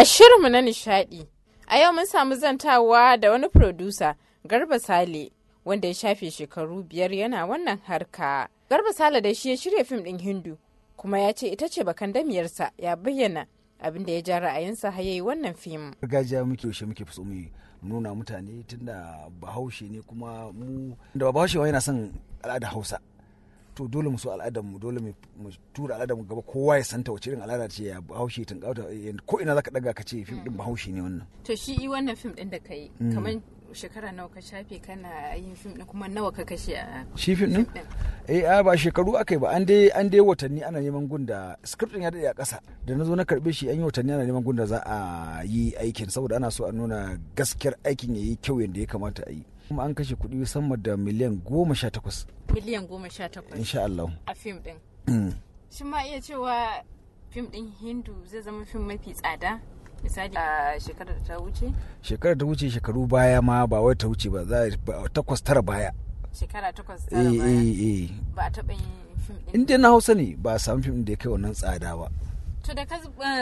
A shirinmu na nishaɗi, a yau mun samu zantawa da wani furodusa Garba Sale, wanda ya shafe shekaru biyar yana wannan harka. Garba Sale da shi ya shirya fim ɗin Hindu, kuma ya ce ita ce bakan damiyarsa ya bayyana abin da ya ja ra'ayinsa har yayi wannan fim. gajiya muke yaushe muke fi tsumi nuna mutane tunda bahaushe ne kuma mu da bahaushe yana son al'adar Hausa. to dole mu so al'adar mu dole mu tura al'adar mu gaba kowa ya santa wace irin al'ada ce ya bahaushe tun eh, ko ina zaka daga ka ce fim din hmm. bahaushe ne wannan to shi wannan fim din da kai hmm. kamar shekara nawa ka shafe kana yin fim din kuma nawa ka kashe a shi fim din eh a ba shekaru akai ba an dai an dai watanni ana neman gunda script din ya dade a ƙasa da nazo na karbe shi an yi watanni ana neman gunda za a yi aikin saboda ana so a nuna gaskiyar aikin yayi kyau yadda ya kamata a yi kuma an kashe kuɗi sama da miliyan goma sha takwas miliyan goma sha takwas insha Allah a fim din mm. shi ma iya cewa fim din hindu zai zama fim mafi tsada misali a shekarar da ta wuce shekarar da ta wuce shekaru baya ma ba wai ta wuce ba za a takwas tara baya shekara takwas tara eh, baya eh, eh. ba a taɓa yin fim din inda na hausa ne ba a samu fim da ya kai wannan tsada ba to da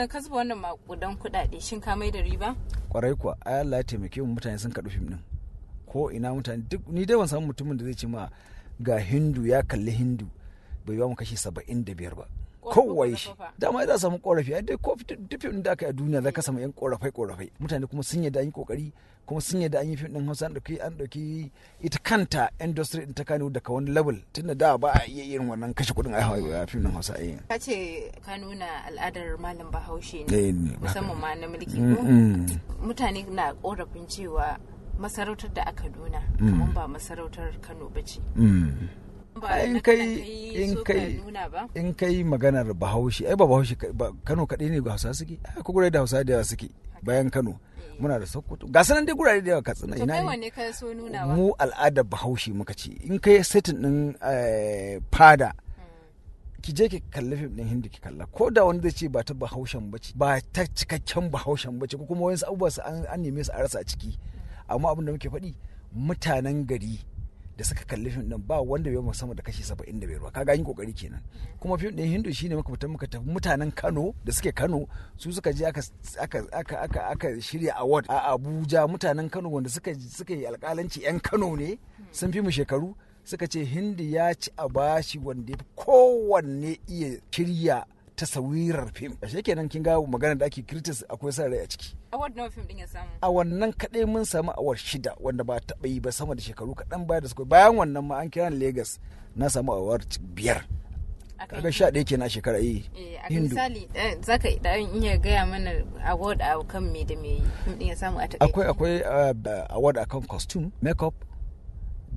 ka zuba wannan maƙudan kuɗaɗe shin ka mai da riba kwarai kuwa ai Allah ya taimake mu mutane sun kaɗu fim din ko ina mutane duk ni dai ban samu mutumin da zai ce ma ga hindu ya kalli hindu bai ba mu kashi saba'in da biyar ba kowai shi dama za samu korafi a dai kofi duk fim da aka yi a duniya za ka samu yan korafai korafai mutane kuma sun yadda an yi kokari kuma sun yadda an yi fim din hausa an dauki an dauki ita kanta industry din ta kano daga wani level tunda da ba a iya irin wannan kashe kudin a fim din hausa eh ka ce ka nuna al'adar malam bahaushe ne eh, musamman ma na mulki mm, mm. mutane na korafin cewa masarautar da a kaduna mm. kamar ba masarautar kano ba ce in kai in maganar bahaushe ai ba bahaushe kano kaɗai ne hausa suke ko gurare da hausa da yawa suke bayan kano eh. muna da sokoto ga sanan dai gurare da yawa ka tsina ina ne mu al'ada bahaushe muka ce in kai setin din eh, fada hmm. ki je ki kalli fim din hindu ki kalla ko da wani zai ce ba ta bahaushen ce? ba ta cikakken bahaushen ce? ko kuma wani abubuwa an neme su a rasa ciki amma abin da muke faɗi mutanen gari da suka kalli fim din ba wanda bai sama da kashi bai ruwa kaga yin kokari kenan kuma fim din hindu shine muka fita muka tafi mutanen Kano da suke Kano su suka je aka aka aka aka aka shirya award a Abuja mutanen Kano wanda suka suka yi alƙalanci yan Kano ne sun fi mu shekaru suka ce hindu ya ci a bashi wanda kowanne iya shirya tasawirar fim shi kenan kin ga magana da ake critics akwai sa rai a ciki award nawa fim din ya samu a wannan kadai mun samu award shida wanda ba taɓa yi ba sama da shekaru kadan baya da suka bayan wannan ma an kira Lagos na samu award biyar kaga sha ɗaya kenan shekara yi eh, hindu misali eh, za ka da iya gaya mana award a kan me da me ya samu a taƙaice akwai akwai ah, award kan costume makeup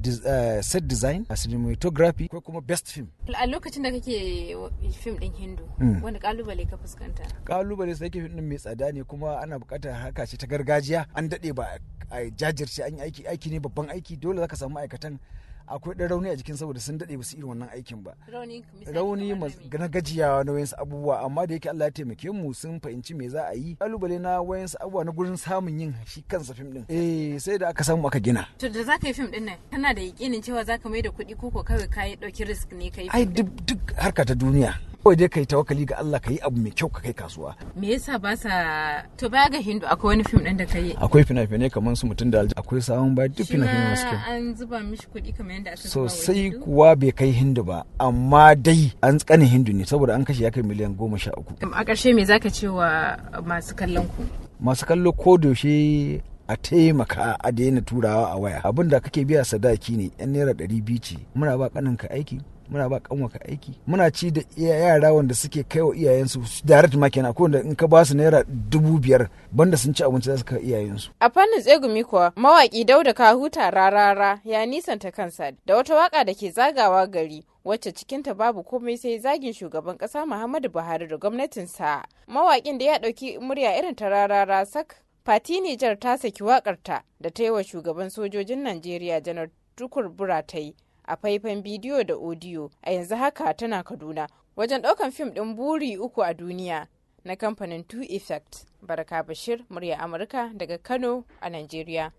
Eh, set design a cinematography ko kuma best film a lokacin da kake film din hindu hmm. wani kalubale ka fuskanta kalubale sai ke film din mai tsada ne kuma ana bukatar haka ce ta gargajiya an dade ba a jajirce an yi aiki aiki ne babban aiki dole zaka samu ma'aikatan akwai ɗan rauni a jikin saboda sun daɗe basu irin wannan aikin ba rauni na gajiyawa na wayansu abubuwa amma da yake Allah ya taimake mu sun fahimci me za a yi kalubale na wayansu abubuwa na gurin samun yin shi kansa fim din eh sai da aka samu aka gina to da za ka yi fim din nan kana da yakinin cewa za ka mai da kuɗi ko kawai ka yi ɗauki risk ne ka kai ai duk harka ta duniya kawai dai kai tawakali ga Allah ka yi abu mai kyau ka kai kasuwa me yasa ba sa to baya ga hindu akwai wani fim din da kai akwai fina-finai kamar su mutum da alji akwai sabon ba duk fina-finai masu kyau an zuba mishi kuɗi kamar yadda aka sosai kuwa bai kai hindu ba amma dai an tsane hindu ne saboda an kashe ya kai miliyan goma sha uku a ƙarshe me zaka ce wa masu kallon ku masu kallo ko yaushe a taimaka a daina turawa a waya abinda da kake biya sadaki ne yan naira ɗari biyu ce muna ba kaninka aiki muna ba kanwaka aiki muna ci da yara wanda suke kai wa iyayensu direct ma kenan ko in ka ba su naira dubu biyar banda sun ci abinci za su kai iyayensu a fannin tsegumi kuwa mawaki dauda huta rarara ya nisanta kansa da wata waka da ke zagawa gari wacce cikinta babu komai sai zagin shugaban kasa muhammadu buhari da gwamnatinsa mawakin da ya dauki murya irin ta rarara sak fati nijar ta saki wakarta da ta yi wa shugaban sojojin najeriya janar tukur buratai a faifan bidiyo da odiyo a yanzu haka tana kaduna wajen ɗaukan fim ɗin buri uku a duniya na kamfanin two effect baraka bashir murya amurka daga kano a nigeria